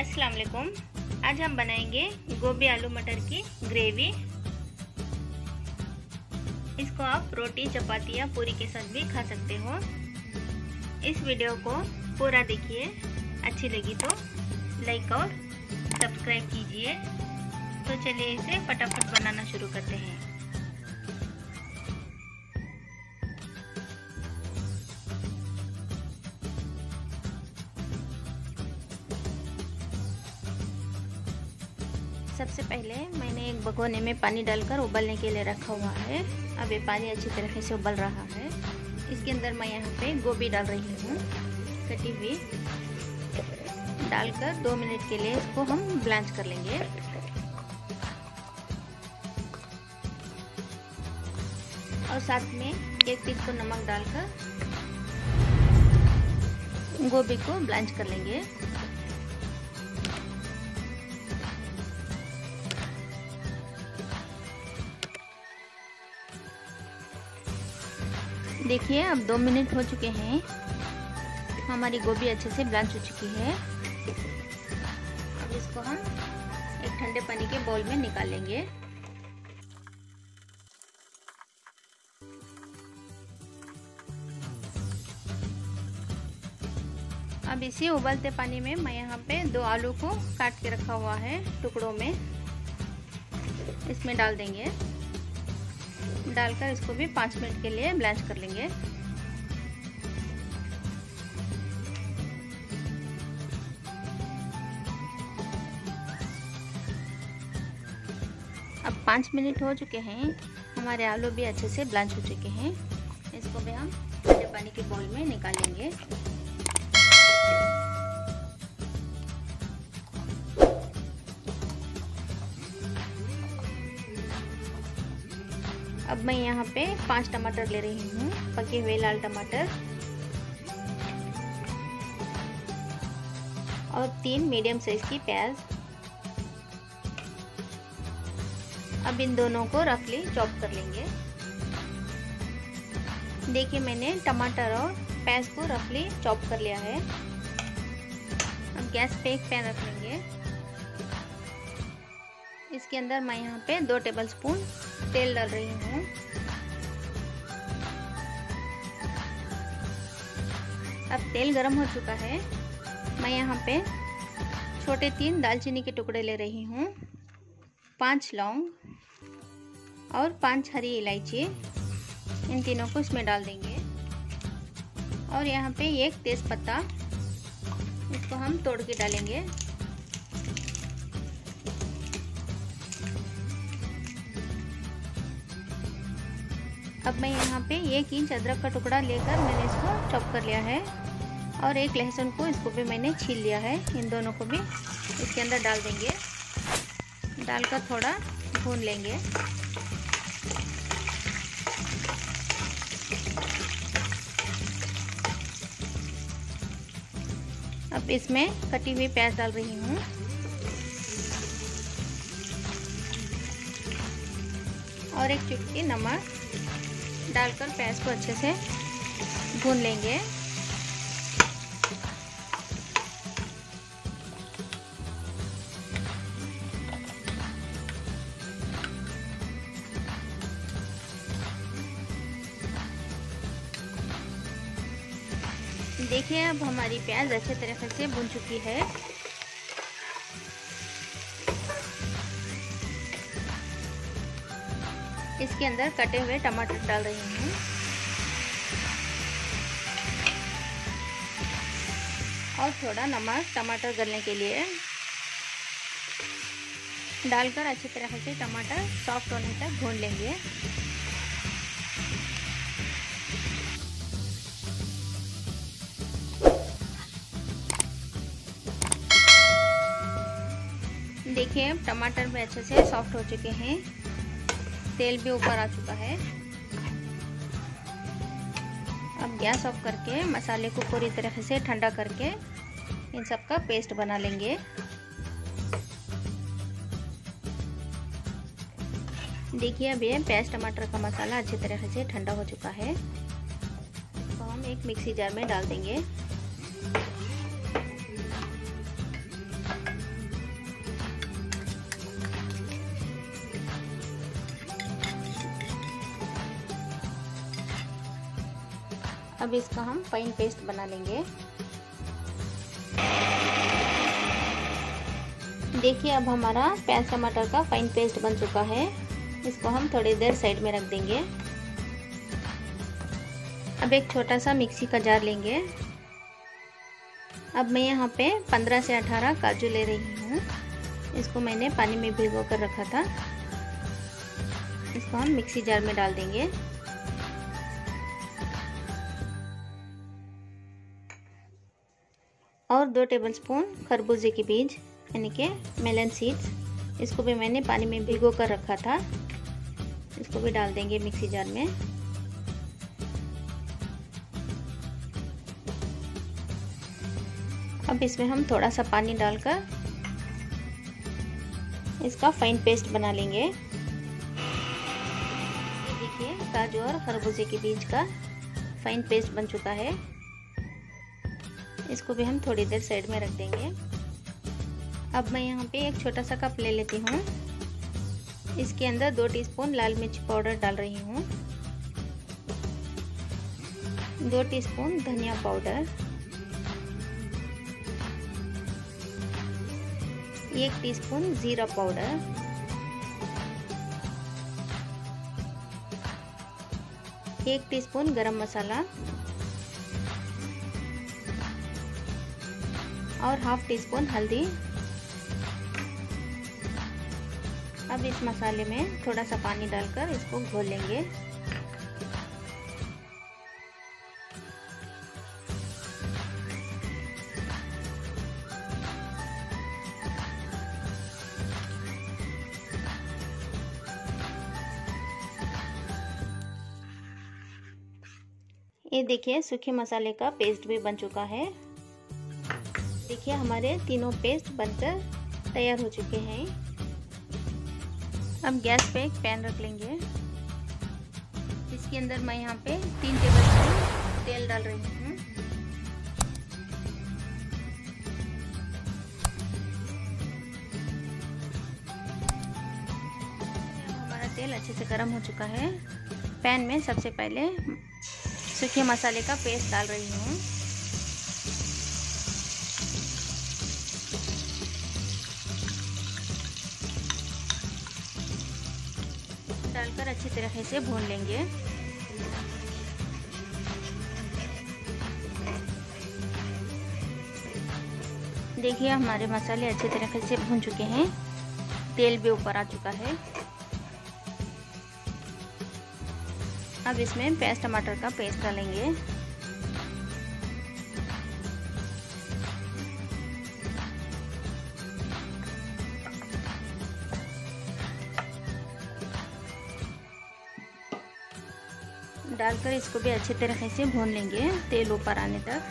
अस्सलाम वालेकुम आज हम बनाएंगे गोभी आलू मटर की ग्रेवी इसको आप रोटी चपाती या पूरी के साथ भी खा सकते हो इस वीडियो को पूरा देखिए अच्छी लगी तो लाइक और सब्सक्राइब कीजिए तो चलिए इसे फटाफट बनाना शुरू करते हैं मैंने एक भगोने में पानी डालकर उबलने के लिए रखा हुआ है अब ये पानी अच्छी तरीके से उबल रहा है इसके अंदर मैं यहाँ पे गोभी डाल रही हूँ कटी हुई डालकर दो मिनट के लिए इसको हम ब्लांच कर लेंगे और साथ में एक को नमक डालकर गोभी को ब्लांच कर लेंगे देखिए अब दो मिनट हो चुके हैं हमारी गोभी अच्छे से ब्लांच हो चुकी है अब इसको हम एक ठंडे पानी के बाउल में निकालेंगे अब इसी उबलते पानी में मैं यहाँ पे दो आलू को काट के रखा हुआ है टुकड़ों में इसमें डाल देंगे डालकर इसको भी पाँच मिनट के लिए ब्लैंच कर लेंगे अब पाँच मिनट हो चुके हैं हमारे आलू भी अच्छे से ब्लांच हो चुके हैं इसको भी हम ठंडे पानी के बॉल में निकालेंगे मैं यहाँ पे पांच टमाटर ले रही हूँ पके हुए लाल टमाटर और तीन मीडियम साइज की प्याज अब इन दोनों को रफली चॉप कर लेंगे देखिए मैंने टमाटर और प्याज को रफली चॉप कर लिया है अब गैस पे एक पैन रख लेंगे इसके अंदर मैं यहाँ पे दो टेबल स्पून तेल डाल रही हूँ अब तेल गर्म हो चुका है मैं यहाँ पे छोटे तीन दालचीनी के टुकड़े ले रही हूँ पांच लौंग और पांच हरी इलायची इन तीनों को इसमें डाल देंगे और यहाँ पे एक तेज पत्ता इसको हम तोड़ के डालेंगे अब मैं यहाँ पे एक इंच अदरक का टुकड़ा लेकर मैंने इसको चॉप कर लिया है और एक लहसुन को इसको भी मैंने छील लिया है इन दोनों को भी इसके अंदर डाल देंगे डालकर थोड़ा भून लेंगे अब इसमें कटी हुई प्याज डाल रही हूँ और एक चुटकी नमक डालकर प्याज को अच्छे से भून लेंगे देखिए अब हमारी प्याज अच्छे तरह से भुन चुकी है इसके अंदर कटे हुए टमाटर डाल रही हूँ और थोड़ा नमक टमाटर गलने के लिए डालकर अच्छी तरह से टमाटर सॉफ्ट होने तक भून लेंगे देखिए टमाटर भी अच्छे से सॉफ्ट हो चुके हैं तेल भी ऊपर आ चुका है अब गैस ऑफ करके मसाले को पूरी तरह से ठंडा करके इन सब का पेस्ट बना लेंगे देखिए अब ये प्याज टमाटर का मसाला अच्छी तरह से ठंडा हो चुका है तो हम एक मिक्सी जार में डाल देंगे अब इसका हम फाइन पेस्ट बना लेंगे देखिए अब हमारा प्याज टमाटर का फाइन पेस्ट बन चुका है इसको हम थोड़ी देर साइड में रख देंगे अब एक छोटा सा मिक्सी का जार लेंगे अब मैं यहाँ पे 15 से 18 काजू ले रही हूँ इसको मैंने पानी में भिगो कर रखा था इसको हम मिक्सी जार में डाल देंगे और दो टेबलस्पून खरबूजे के बीज यानी कि मेलन सीड्स इसको भी मैंने पानी में भिगो कर रखा था इसको भी डाल देंगे मिक्सी जार में अब इसमें हम थोड़ा सा पानी डालकर इसका फाइन पेस्ट बना लेंगे देखिए काजू और खरबूजे के बीज का फाइन पेस्ट बन चुका है इसको भी हम थोड़ी देर साइड में रख देंगे अब मैं यहाँ पे एक छोटा सा कप ले लेती हूँ इसके अंदर दो टीस्पून लाल मिर्च पाउडर डाल रही हूँ दो टीस्पून धनिया पाउडर एक टीस्पून जीरा पाउडर एक टीस्पून गरम मसाला और हाफ टी स्पून हल्दी अब इस मसाले में थोड़ा सा पानी डालकर इसको घोलेंगे ये देखिए सूखे मसाले का पेस्ट भी बन चुका है देखिए हमारे तीनों पेस्ट बनकर तैयार हो चुके हैं अब गैस पे एक पैन रख लेंगे इसके अंदर मैं यहाँ पे तीन टेबल स्पून तेल डाल रही हूँ हमारा तेल अच्छे से गर्म हो चुका है पैन में सबसे पहले सूखे मसाले का पेस्ट डाल रही हूँ डालकर अच्छी तरह से भून लेंगे देखिए हमारे मसाले अच्छी तरह से भून चुके हैं तेल भी ऊपर आ चुका है अब इसमें प्याज टमाटर का पेस्ट डालेंगे डालकर इसको भी अच्छे तरीके से भून लेंगे तेल ऊपर आने तक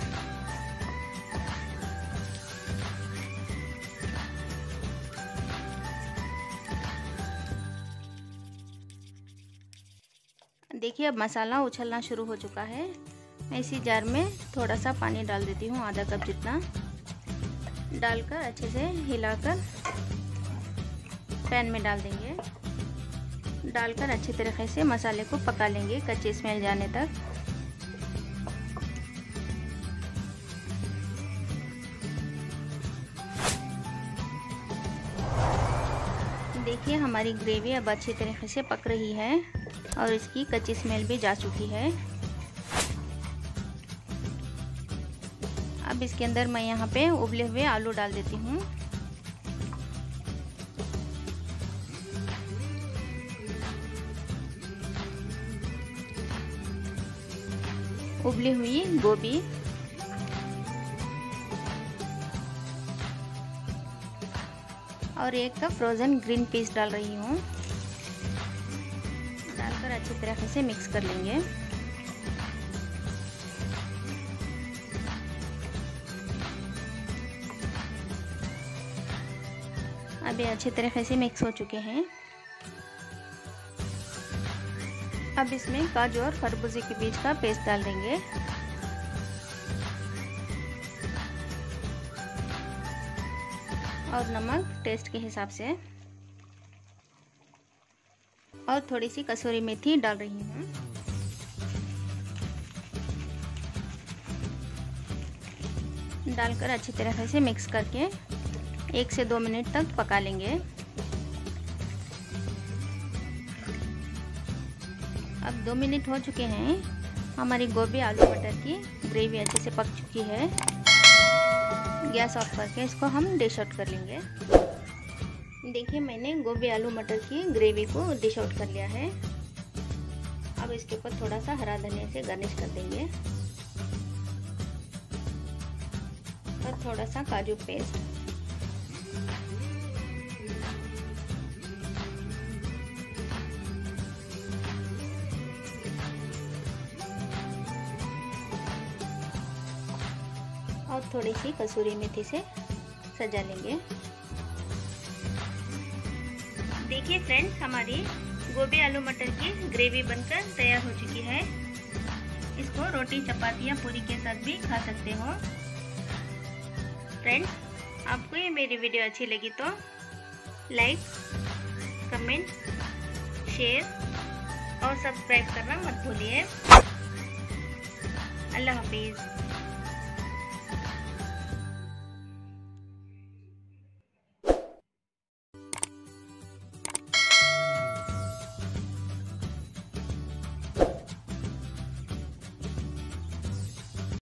देखिए अब मसाला उछलना शुरू हो चुका है मैं इसी जार में थोड़ा सा पानी डाल देती हूँ आधा कप जितना डालकर अच्छे से हिलाकर पैन में डाल देंगे डालकर अच्छी तरीके से मसाले को पका लेंगे कच्चे स्मेल जाने तक देखिए हमारी ग्रेवी अब अच्छी तरीके से पक रही है और इसकी कच्ची स्मेल भी जा चुकी है अब इसके अंदर मैं यहाँ पे उबले हुए आलू डाल देती हूँ उबली हुई गोभी और एक कप फ्रोज़न ग्रीन पीस डाल रही हूँ डालकर अच्छी तरह से मिक्स कर लेंगे अभी अच्छी तरह से मिक्स हो चुके हैं अब इसमें काजू और खरबूजे के बीज का पेस्ट डाल देंगे और नमक टेस्ट के हिसाब से और थोड़ी सी कसूरी मेथी डाल रही हूँ डालकर अच्छी तरह से मिक्स करके एक से दो मिनट तक पका लेंगे अब दो मिनट हो चुके हैं हमारी गोभी आलू मटर की ग्रेवी अच्छे से पक चुकी है गैस ऑफ करके इसको हम डिश आउट कर लेंगे देखिए मैंने गोभी आलू मटर की ग्रेवी को डिश आउट कर लिया है अब इसके ऊपर थोड़ा सा हरा धनिया से गार्निश कर देंगे और थोड़ा सा काजू पेस्ट और थोड़ी सी कसूरी मेथी से सजा लेंगे देखिए फ्रेंड्स हमारी गोभी आलू मटर की ग्रेवी बनकर तैयार हो चुकी है इसको रोटी चपाती या पूरी के साथ भी खा सकते हो फ्रेंड्स आपको ये मेरी वीडियो अच्छी लगी तो लाइक कमेंट शेयर और सब्सक्राइब करना मत भूलिए अल्लाह हाफिज़